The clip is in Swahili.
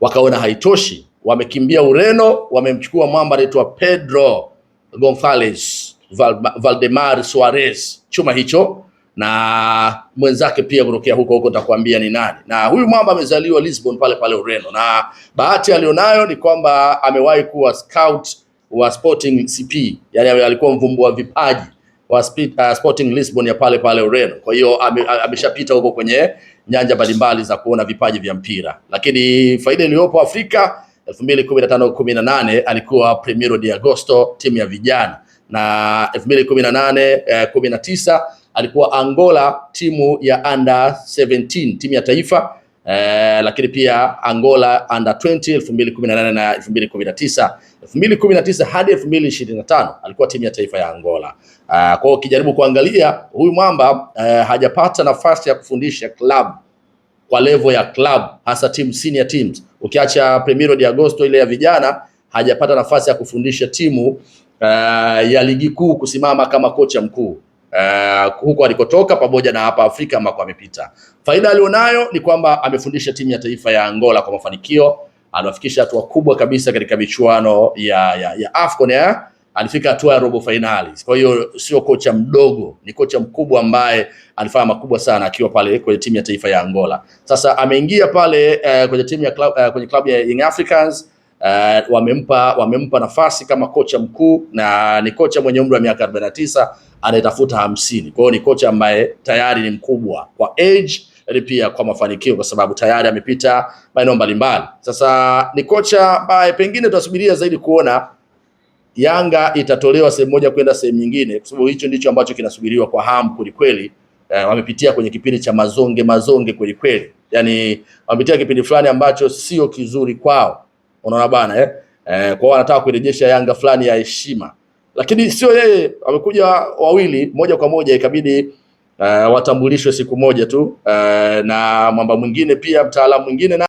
wakaona haitoshi, wamekimbia Ureno, wamemchukua mwamba anaitwa Pedro Gonzalez Val, Valdemar Suarez chuma hicho na mwenzake pia kutokea huko huko, nitakwambia ni nani. Na huyu mwamba amezaliwa Lisbon pale pale Ureno, na bahati alionayo ni kwamba amewahi kuwa scout wa Sporting CP, yani alikuwa mvumbua vipaji wa uh, Sporting Lisbon ya pale pale Ureno. Kwa hiyo ameshapita huko kwenye nyanja mbalimbali za kuona vipaji vya mpira, lakini faida iliyopo Afrika 2015 18 alikuwa Primeiro de Agosto, timu ya vijana, na 2018 19 eh, alikuwa Angola, timu ya under 17, timu ya taifa eh, lakini pia Angola under 20 2018 na 2019 2019 hadi 2025 alikuwa timu ya taifa ya Angola. Uh, kwa hiyo ukijaribu kuangalia huyu mwamba uh, hajapata nafasi ya kufundisha club kwa level ya club, hasa team, senior teams, ukiacha Premier League Agosto ile ya vijana, hajapata nafasi ya kufundisha timu uh, ya ligi kuu kusimama kama kocha mkuu uh, huko alikotoka pamoja na hapa Afrika ambako amepita. Faida alionayo ni kwamba amefundisha timu ya taifa ya Angola kwa mafanikio, anafikisha hatua kubwa kabisa katika michuano ya, ya, ya Afcon ya eh? alifika hatua ya robo fainali. Kwa hiyo sio kocha mdogo, ni kocha mkubwa ambaye alifanya makubwa sana akiwa pale kwenye timu ya taifa ya Angola. Sasa ameingia pale uh, kwenye timu ya club, uh, kwenye klabu ya Young Africans Uh, wamempa wamempa nafasi kama kocha mkuu na ni kocha mwenye umri wa miaka 49 anayetafuta hamsini. Kwa hiyo ni kocha ambaye tayari ni mkubwa kwa age lakini pia kwa mafanikio, kwa sababu tayari amepita maeneo mbalimbali. Sasa ni kocha ambaye pengine tutasubiria zaidi kuona Yanga itatolewa sehemu moja kwenda sehemu nyingine, kwa sababu hicho ndicho ambacho kinasubiriwa kwa hamu kweli. Uh, wamepitia kwenye kipindi cha mazonge mazonge kweli. yani wamepitia kipindi fulani ambacho sio kizuri kwao unaona bana eh? Eh, kwao anataka kuirejesha Yanga fulani ya heshima, lakini sio yeye, wamekuja wawili moja kwa moja, ikabidi uh, watambulishwe siku moja tu uh, na mwamba mwingine pia mtaalamu mwingine na